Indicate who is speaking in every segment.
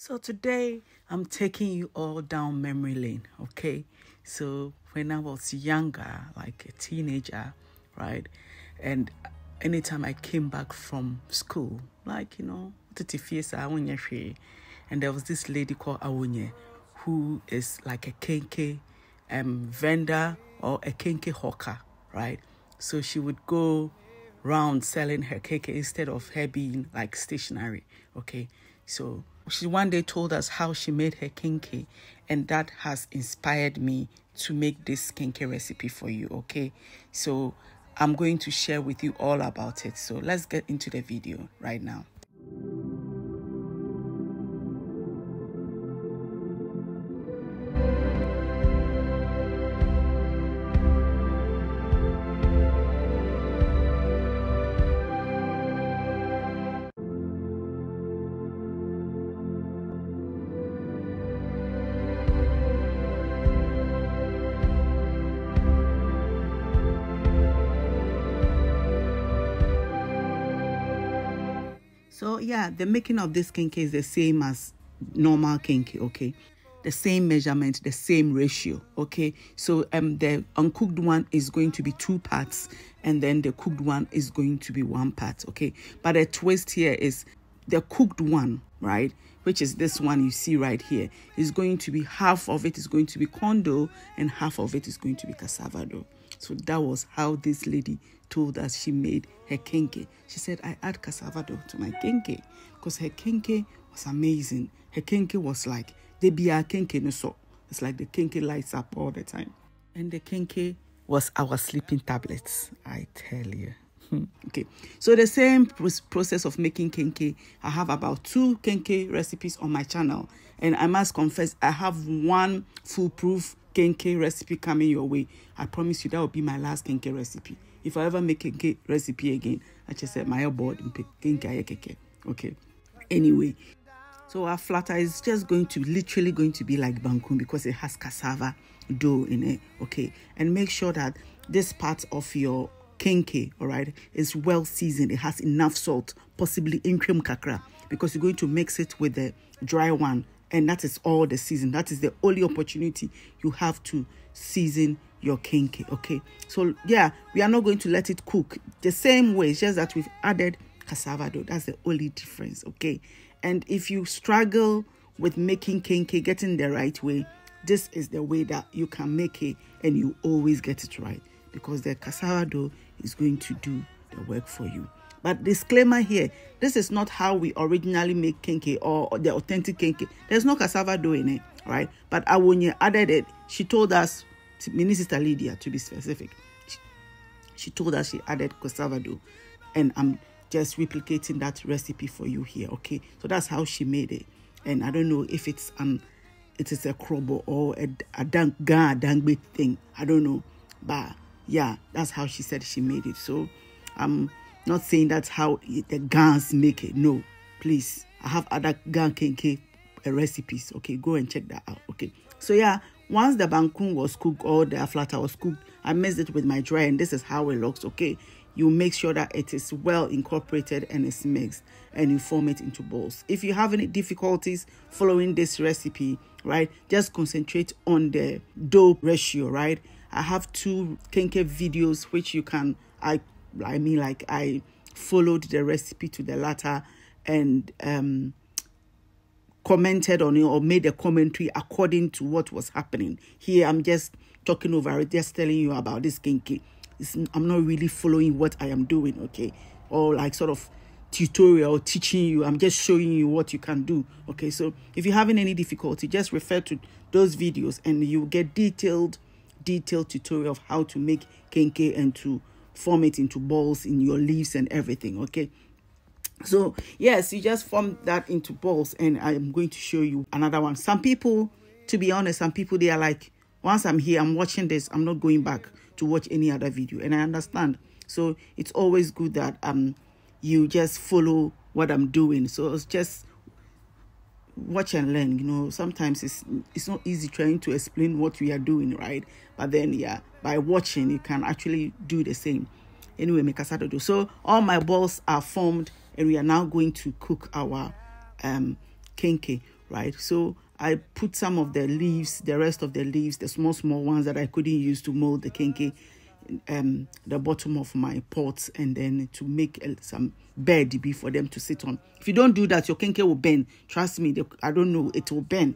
Speaker 1: So today I'm taking you all down memory lane, okay? So when I was younger, like a teenager, right? And anytime I came back from school, like, you know, and there was this lady called Awunye who is like a kenke um, vendor or a kenke hawker, right? So she would go round selling her kenke instead of her being like stationary, okay? So she one day told us how she made her kinky and that has inspired me to make this skincare recipe for you okay so i'm going to share with you all about it so let's get into the video right now So yeah, the making of this kinky is the same as normal kinky, okay? The same measurement, the same ratio, okay? So um, the uncooked one is going to be two parts, and then the cooked one is going to be one part, okay? But the twist here is the cooked one, right? Which is this one you see right here, is going to be half of it is going to be corn dough, and half of it is going to be cassava dough. So that was how this lady told us she made her kenke. She said, I add cassava dough to my kenke because her kenke was amazing. Her kenke was like, the bia kenke no so. It's like the kenke lights up all the time. And the kenke was our sleeping tablets, I tell you. Hmm. okay, so the same process of making kenke, I have about two kenke recipes on my channel. And I must confess, I have one foolproof kenke recipe coming your way, I promise you that will be my last kenke recipe. If I ever make kenke recipe again, I just said my board kenke ayekeke. Okay. Anyway, so our flatter is just going to literally going to be like bangkun because it has cassava dough in it. Okay. And make sure that this part of your kenke, all right, is well seasoned. It has enough salt, possibly in cream kakra, because you're going to mix it with the dry one and that is all the season. That is the only opportunity you have to season your kinky. Okay. So yeah, we are not going to let it cook the same way. It's just that we've added cassava dough. That's the only difference. Okay. And if you struggle with making kinky, getting the right way, this is the way that you can make it and you always get it right because the cassava dough is going to do the work for you. But disclaimer here, this is not how we originally make kenke or, the authentic kenke. There's no cassava doing it, right? But Awonye added it. She told us, Mini Sister Lydia, to be specific, she, she told us she added cassava dough. And I'm just replicating that recipe for you here, okay? So that's how she made it. And I don't know if it's an um, it is a crobo or a, a dang gan dangbit thing. I don't know. But yeah, that's how she said she made it. So um not saying that's how the Gans make it. No, please. I have other Gan Kenke recipes. Okay, go and check that out. Okay. So yeah, once the bangkun was cooked or the aflata was cooked, I mixed it with my dry and this is how it looks. Okay. You make sure that it is well incorporated and it's mixed and you form it into balls. If you have any difficulties following this recipe, right, just concentrate on the dough ratio, right? I have two Kenke videos which you can I I mean, like I followed the recipe to the latter, and um, commented on it or made a commentary according to what was happening. Here, I'm just talking over it, just telling you about this kinky. It's, I'm not really following what I am doing, okay? Or like sort of tutorial teaching you. I'm just showing you what you can do, okay? So if you're having any difficulty, just refer to those videos and you get detailed, detailed tutorial of how to make kenke and to form it into balls in your leaves and everything okay so yes you just form that into balls and i'm going to show you another one some people to be honest some people they are like once i'm here i'm watching this i'm not going back to watch any other video and i understand so it's always good that um you just follow what i'm doing so it's just watch and learn. You know, sometimes it's it's not easy trying to explain what we are doing, right? But then, yeah, by watching, you can actually do the same. Anyway, make us do. So all my balls are formed, and we are now going to cook our um kenke, right? So I put some of the leaves, the rest of the leaves, the small small ones that I couldn't use to mold the kenke um, the bottom of my pot and then to make uh, some bed be for them to sit on. If you don't do that, your kenke will bend. Trust me, they, I don't know, it will bend.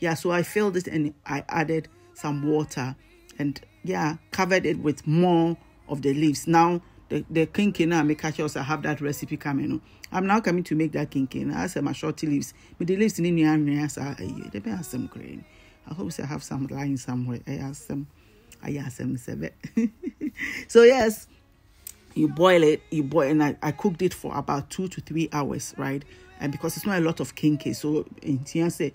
Speaker 1: Yeah, so I filled it and I added some water and yeah, covered it with more of the leaves. Now, the, the kinkina and mekachi also have that recipe coming. I'm now coming to make that kinkina. I said my shorty leaves. But the leaves in the I hope I have some lying somewhere. I ask them. I ask them. so yes, you boil it, you boil, and I, I cooked it for about two to three hours, right? And because it's not a lot of kinky, so in say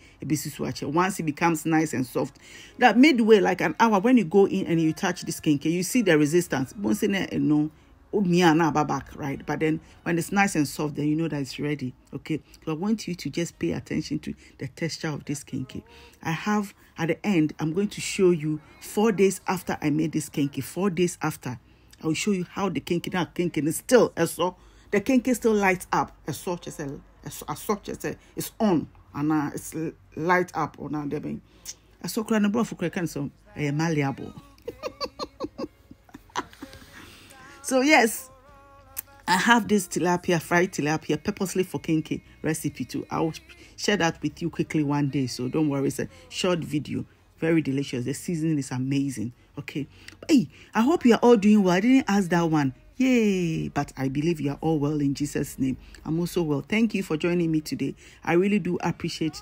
Speaker 1: once it becomes nice and soft, that midway, like an hour, when you go in and you touch this kinky, you see the resistance. Eh, no, oatmeal oh, and back, right? But then when it's nice and soft, then you know that it's ready. Okay. So I want you to just pay attention to the texture of this kenke. I have at the end, I'm going to show you four days after I made this kenke. Four days after, I will show you how the kenke now kenke is still a so the kenke still lights up. As such as a such as a it's on and uh, it's light up on uh, now. I saw crying a broth for crack malleable. So, yes, I have this tilapia, fried tilapia, purposely for kinky recipe too. I will share that with you quickly one day. So don't worry, it's a short video. Very delicious. The seasoning is amazing. Okay. hey, I hope you are all doing well. I didn't ask that one. Yay. But I believe you are all well in Jesus' name. I'm also well. Thank you for joining me today. I really do appreciate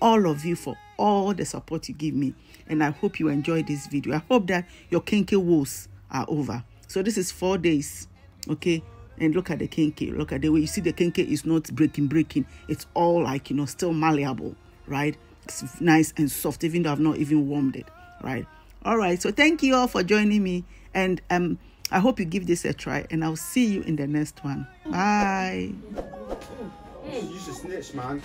Speaker 1: all of you for all the support you give me. And I hope you enjoy this video. I hope that your kinky woes are over. So this is four days, okay? And look at the kenke. Look at the way you see the kenke is not breaking, breaking. It's all like, you know, still malleable, right? It's nice and soft, even though I've not even warmed it, right? All right. So thank you all for joining me. And um, I hope you give this a try. And I'll see you in the next one. Bye. You snitch, man.